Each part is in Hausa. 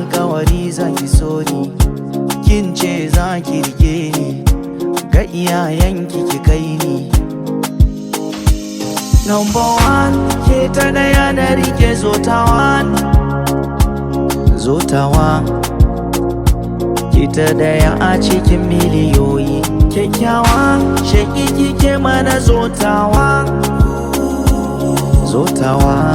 alkawari zaki so ni kin ce zaki rike ni ga iyayenki ki kai ni number one ke ta daya na rike zotawa zotawa ke ta daya a cikin miliyoyi kyakkyawa shakiki ke mana zotawa zotawa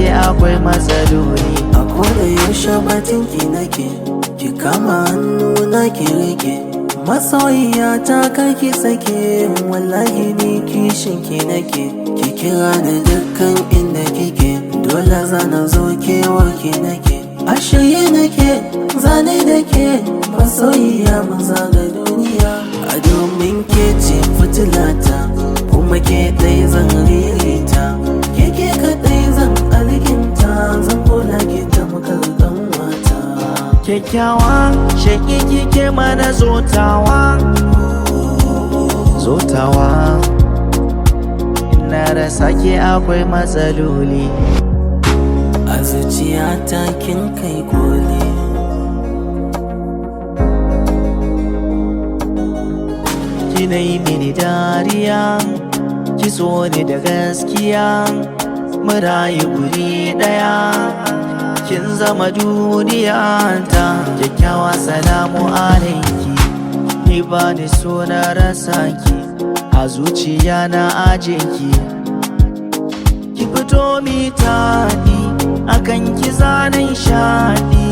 ke akwai matsaloli a kodayaushe yaushe batin ki nake ki kama hannu na ki rike masoyiya ta ki sake wallahi ni kishin ki nake ki kira da dukkan inda kike dole zana zo kewar ki nake a shirye nake zane da ke masoyiya maza ga duniya a domin ke ce fitilata kuma ke ɗaya zan riri kyakkyawa shakiki ke mana zotawa zotawa ina da sake akwai matsaloli a ta kin kai koli kina mini dariya ki so ni da gaskiya yi guri ɗaya. kin zama duniyanta kyakkyawa salamu alaiki ni ba ni suna rasa ki a zuciya na aje ki ki fito mi taɗi akan ki zanen shaɗi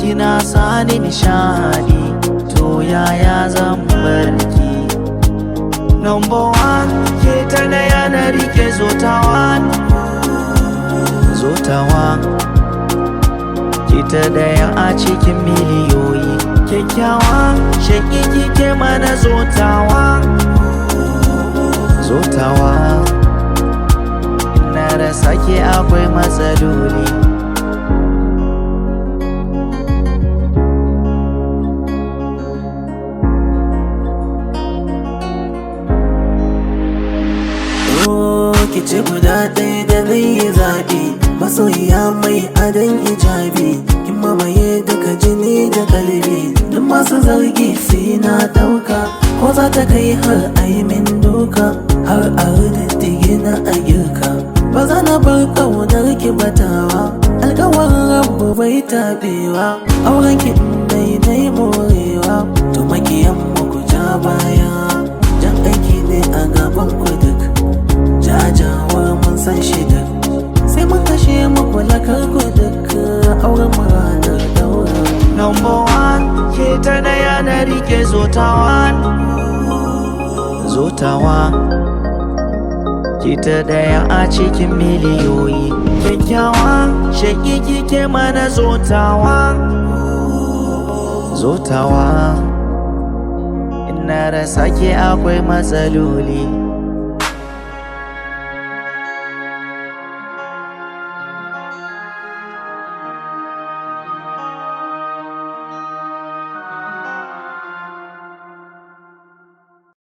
kina sani nishaɗi to yaya zan bar ki number one ke ta na yana rike zotawa zotawa ita daya a cikin miliyoyi kyakkyawa shaƙi kike mana zotawa zotawa na rasa ke akwai matsaloli ki guda ɗaya da zai yi zaɓi masoyiya mai adan hijabi kin mamaye duka jini da kalbi duk masu zargi sai na ɗauka ko za ta kai har aimin doka har a rudin na a girka ba za na bar ƙaunar ki batawa alkawar rabu bai taɓewa auren ki daidai morewa to makiyan mu ku ja baya jan aiki ne a gaban ku duk number one ke ta daya na rike zotawa zotawa ke ta daya a cikin miliyoyi kyakkyawa shakiki ke mana zotawa zotawa ina rasa sake akwai matsaloli